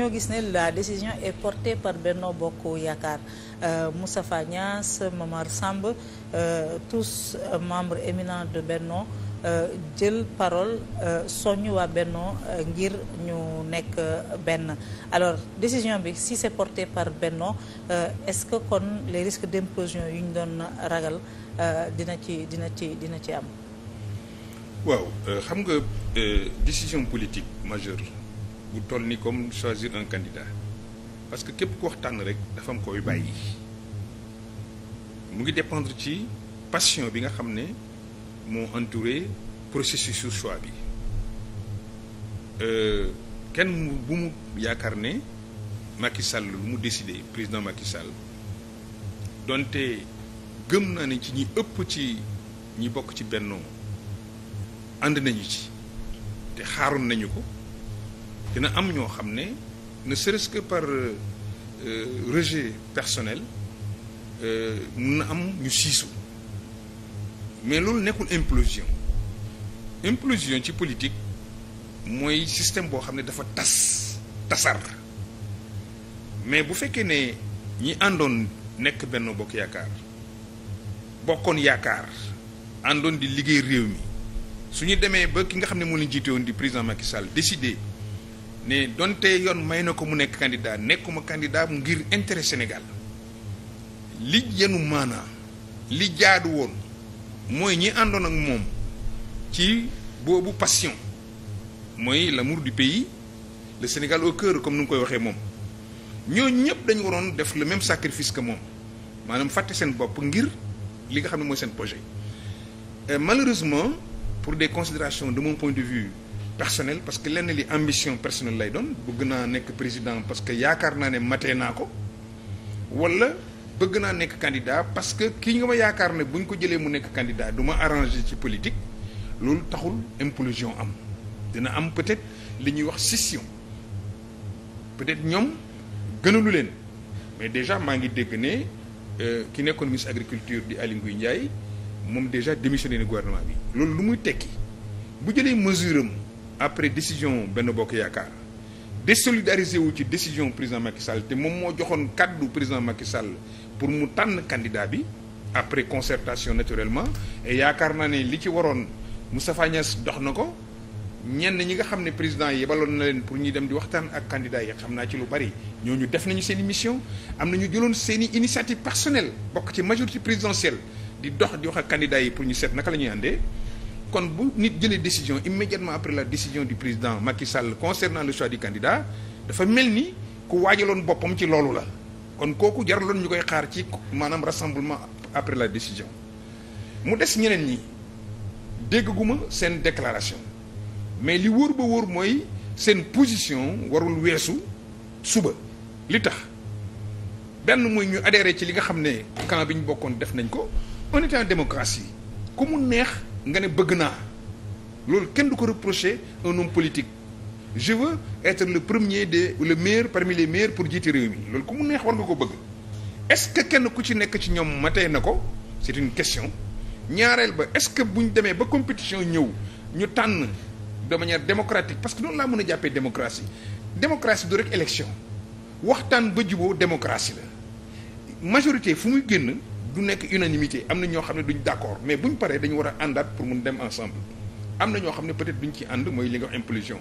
ñoo gis ne la décision est portée par Benno Bokk Yaakaar euh, Moustapha Niasse Mamar Samb euh, tous membres éminents de Benno euh, jël parole euh, soññ waa Benno euh, ngir ñu nekk benn alors décision bi si c'est porté par Benno est-ce que kon les risques d'implosion yu ñu doon ragal dina ci dina ci dina ci am waaw xam nga décision politique majeure bu toll ni comme choisir un candidat parce que képp ku waxtaan rek dafam koy bàyyi mu ngi dépendre ci passion bi nga xam ne moo entouré processus su choix bi euh, kenn bu mu yaakaar ne Macky Sall lu mu décidé président Macky Sall donte gëm naa ne ci ñi ëpp ci ñi bokk ci Benno ànd nañu ci te xaaroon nañu ko. dina am ñoo xam ne ne serait-ce que par euh, rejet personnel euh, mun na am ñu siisu mais loolu nekkul implosion implosion ci politique mooy système boo xam ne dafa tas tasar mais bu fekkee ne ñi àndoon nekk benn bokk yaakaar bokkoon yaakaar àndoon di liggéey réew mi su ñu demee ba ki nga xam ne moo leen jiite woon di président Macky Sall décidé ne donte yoon may na ko mu nekk candidat nekkuma candidat mu ngir intérêt Sénégal li yenu maanaa li jaadu woon mooy ñi àndoon ak moom ci boobu passion mooy la l'amour du pays le Sénégal au cœur comme ni mu koy waxee moom ñoo ñëpp dañu waroon def la même sacrifice que moom maanaam fàtte seen bopp ngir li nga xam ne mooy seen projet malheureusement pour des considérations de mon point de vue personnel parce que lenn li ambition personnelle lay doon bëgg naa nekk président parce que yaakaar naa ne matee naa ko wala bëgg naa nekk candidat parce que kii nga ma yaakaar ne bu ñu ko jëlee mu nekk candidat du ma arrangé ci politique loolu taxul implosion am dina am peut-être li ñuy wax scission peut-être ñoom gënalu leen mais déjà maa ngi dégg ne euh, ki nekkoon ministre agriculture di Aly Ngouille Ndiaye moom déjà démissionné na gouvernement bi loolu lu muy tekki bu jëlee mesure am après décision benn Bokk Yaakaar désolidarisé wu ci décision président Macky Sall te moom moo joxoon kàddu président Macky Sall pour mu tànn candidat bi après concertation naturellement et yaakaar naa ne li ci waroon Moustapha Niass dox na ko ñenn ñi nga xam ne président yebaloon na leen pour ñuy dem di waxtaan ak candidat yi xam naa ci lu bari ñooñu def nañu seen i mission am na ñu jëloon seen i initiative personnelle bokk ci majorité présidentielle di dox di wax ak candidat yi pour ñu seet naka la ñuy àndee kon bu nit jëlee décision immédiatement après la décision du président Macky Sall concernant le choix du candidat dafa mel ni ku waajaloon boppam ci loolu la kon kooku jaraloon ñu koy xaar ci maanaam rassemblement après la décision mu des ñeneen ñi dégguma seen déclaration mais li wóor ba wóor mooy seen position warul weesu suba li tax benn mooy ñu adhéré ci li nga xam ne camp bi ñu bokkoon def nañ ko on est en démocratie ku mu neex. nga ne bëgg naa loolu kenn du ko reprocher un homme politique je veux être le premier des le meilleur parmi les meilleurs pour jiiti réew mi loolu ku mu neex war nga ko bëgg est-ce que kenn ku ci nekk ci ñoom matee na ko c'est une question ñaareel ba est-ce que bu ñu demee ba compétition ñëw ñu tànn de manière démocratique parce que noonu laa mën a jàppee démocratie démocratie du rek élection waxtaan ba juboo démocratie la majorité fu muy génn du nekk unanimité am na ñoo xam ne duñ d'accord mais buñ paree dañu war a àndaat pour mun dem ensemble am na ñoo xam ne peut-être duñ ci ànd mooy li nga impulsion